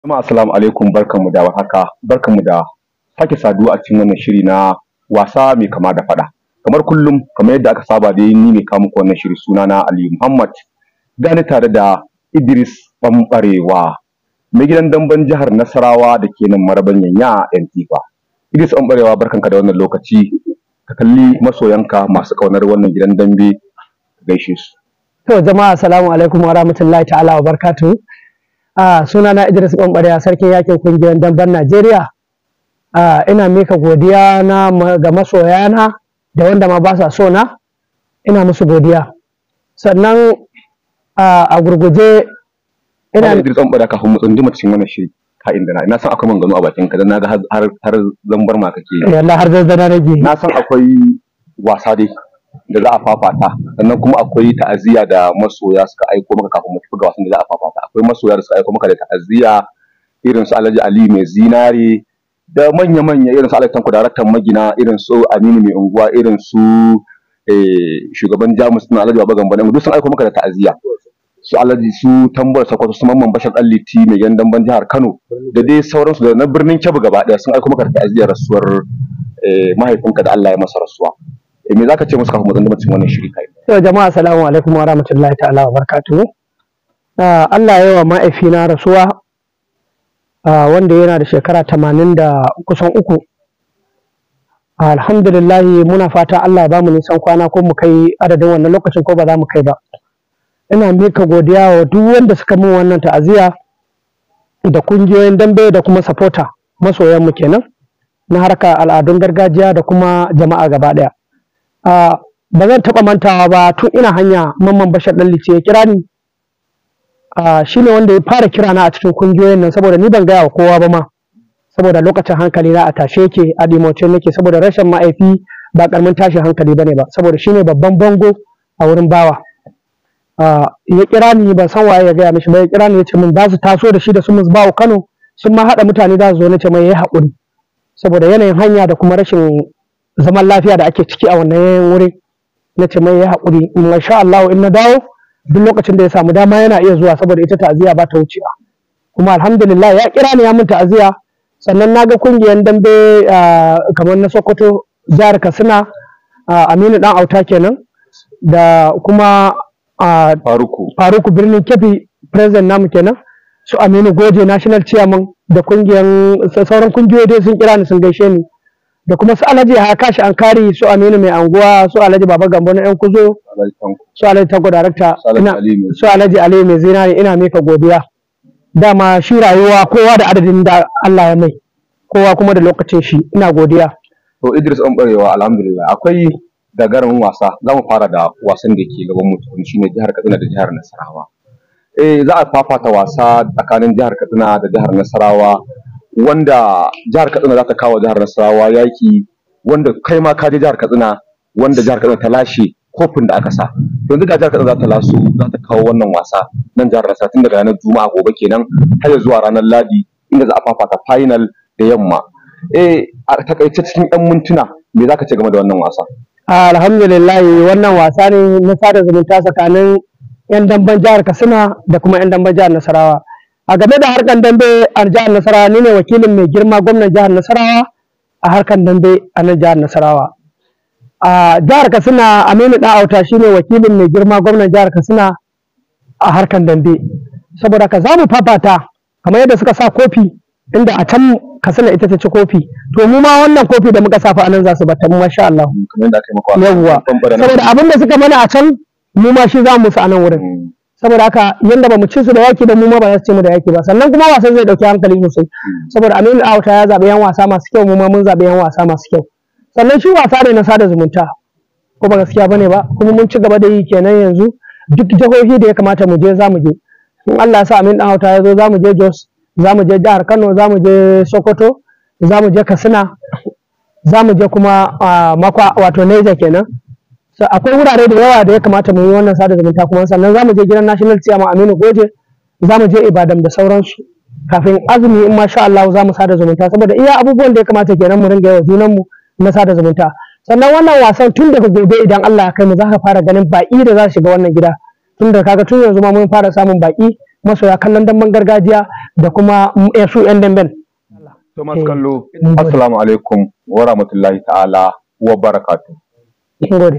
Jama'a assalamu alaikum barkanmu da warhaka barkanmu da sake saduwa a cikin wannan shiri na wasa mai kama da fada kamar kullum kamar yadda aka saba dai ni mai kawo muku wannan shiri suna na Aliyu Muhammad gani tare da Idris Bambarewa mai gidan damben jihar Nasarawa da ke nan maraban yanya yan Idris Bambarewa barkanka da wannan lokaci ka kalli masoyanka masu kaunar wannan gidan dambe gaishe su to jama'a assalamu alaikum wa rahmatullahi ta'ala wa barakatuh a na Idris Bambariya sarkin yakin kungiyar damban Najeriya ina mika godiya na ga masoyana da wanda ma ba sa so na ina musu godiya sannan a gurguje ina Idris Bambariya ka mu tsundi mu cikin wannan shiri ka inda na san akwai manganu a bakin ka dan naga har har zambar ma kake Allah har zanzana nake na san akwai wasa dai da za a fafata sannan kuma akwai ta'aziyya da masoya suka aiko maka kafin mu ga wasan da za a fafata akwai masoya da suka aika maka da ta'aziyya irin su Alhaji Ali mai zinare da manya manya irin su Alhaji Tanko daraktan magina irin su Aminu mai unguwa irin su eh, shugaban Jamus na Alhaji Baba Gambo duk sun aiko maka da ta'aziyya su Alhaji su Tambar Sokoto su Mamman Bashar Alliti mai gandan ban jihar Kano da dai sauransu da na birnin Kebbi gaba daya sun aika maka da ta'aziyya rasuwar eh, mahaifinka da Allah ya masa rasuwa eh, me zaka ce musu kafin mu zanda cikin wannan shiri kai to jama'a assalamu alaikum wa rahmatullahi ta'ala wa barakatuhu Ah, Allah ya yi wa ma'aifina rasuwa ah, wanda yana da shekara tamanin da kusan uku ah, alhamdulillah muna fata Allah ya mu nisan kwana ko mu kai adadin wannan lokacin ko ba za mu kai ba ina mika godiya wa duk wanda suka min wannan ta'aziya, da kungiyoyin dambe da kuma supporter masoyan mu kenan na harka al'adun gargajiya da kuma jama'a gaba daya ba zan taɓa mantawa ba tun ina hanya mamman bashar ɗan lice ya kira ni a ah, shine wanda ya fara kira na a cikin kungiyoyin nan saboda ni ban gaya wa kowa ba ma saboda lokacin hankali na a tashe ke a dimoce nake saboda rashin ma'aifi ba karamin tashin hankali bane ba saboda shine babban bango a wurin bawa ah, ya kira ni ban san waye ya gaya mishi ba ya kira ni ya ce min za su taso da shi da su bawa Kano sun ma hada mutane za su zo na ce mai yayi haƙuri saboda yanayin hanya da kuma rashin zaman lafiya da ake ciki a wannan wurin na ce mai yayi haƙuri in sha Allah in na dawo duk lokacin da ya samu dama yana iya zuwa saboda ita ta'aziyya ba ta a. kuma alhamdulillah ya kira ni ya mun ta'aziyya sannan na ga kungiyar dambe kamar na sokoto jihar katsina aminu dan auta kenan da kuma faruku faruku birnin kebbi president namu kenan su aminu goje national chairman da kungiyar sauran kungiyoyi dai sun kira ni sun gaishe ni da kuma su alhaji hakashi kashi an su aminu mai anguwa su alhaji baba gambo na yan kuzo su alhaji tago darakta su alhaji Aliyu mai zinari ina mika godiya dama shi rayuwa kowa da adadin da Allah ya mai kowa kuma da lokacin shi ina godiya to Idris an barewa alhamdulillah akwai gagarumin wasa za mu fara da wasan da ke gaban shi ne jihar Katsina da jihar Nasarawa eh za a fafata wasa tsakanin jihar Katsina da jihar Nasarawa wanda jihar Katsina za ta kawo jihar Nasarawa yaki wanda kai ma ka je jihar Katsina wanda jihar Katsina ta lashe kofin da aka sa yanzu ga jihar za ta laso za ta kawo wannan wasa nan jihar rasa tun daga ranar Juma'a gobe kenan har zuwa ranar Ladi inda za a fafata final da yamma eh a takaice cikin yan mintuna me zaka ce game da wannan wasa alhamdulillah wannan wasa ne na sada zumunta tsakanin yan damben jihar Katsina da kuma yan damben jihar Nasarawa a game da harkan dambe a jihar Nasarawa ni ne wakilin mai girma gwamnan jihar Nasarawa a harkan dambe a nan jihar Nasarawa a jihar katsina aminu Da'auta auta shine wakilin mai girma gwamnan jihar katsina a harkan dambe saboda ka za mu fafata kamar yadda suka sa kofi inda a can katsina ita ta ci kofi to mu ma wannan kofi da muka safa anan za su bata mu masha Allah yawwa saboda abin da suka mana a can mu ma shi za mu su anan wurin mm. saboda haka yanda ba mu ci su da yaki ba mu ma ba za su ci mu da yaki ba sannan kuma wasan zai dauki hankali sosai mm. saboda Aminu Auta ya zabi yan wasa masu kyau mu ma mun zabi yan wasa masu kyau sannan shi wasa ne na sada zumunta ko ba gaskiya bane ba kuma mun ci gaba da yi kenan yanzu duk jihohi da ya kamata mu je za mu je in Allah ya sa amin dan hauta ya zo za mu je Jos za mu je jihar Kano za mu je Sokoto za mu je Katsina za mu je kuma makwa wato Niger kenan so akwai wurare da yawa da ya kamata mu yi wannan sada zumunta kuma sannan za mu je gidan National Chairman Aminu Goje za mu je Ibadan da sauransu kafin azumi in masha Allah za mu sada zumunta saboda iya abubuwan da ya kamata kenan mu ringa wa junanmu mu na sada zumunta sannan wannan wasan tun daga gobe idan Allah ya kai mu za ka fara ganin baƙi da za su shiga wannan gida tun da kaga tun yanzu ma mun fara samun baƙi masoya kallon damben gargajiya da kuma eh, su 'yan damben. To masu kallo, eh, Assalamu alaikum wa rahmatullahi ta'ala wa barakatu.